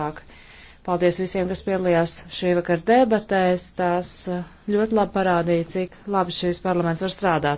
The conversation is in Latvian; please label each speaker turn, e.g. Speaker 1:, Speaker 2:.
Speaker 1: vairāk. Paldies visiem, kas piedalījās šī vakar debatēs. Tās eh, ļoti labi parādīja, cik labi šīs parlaments var strādāt.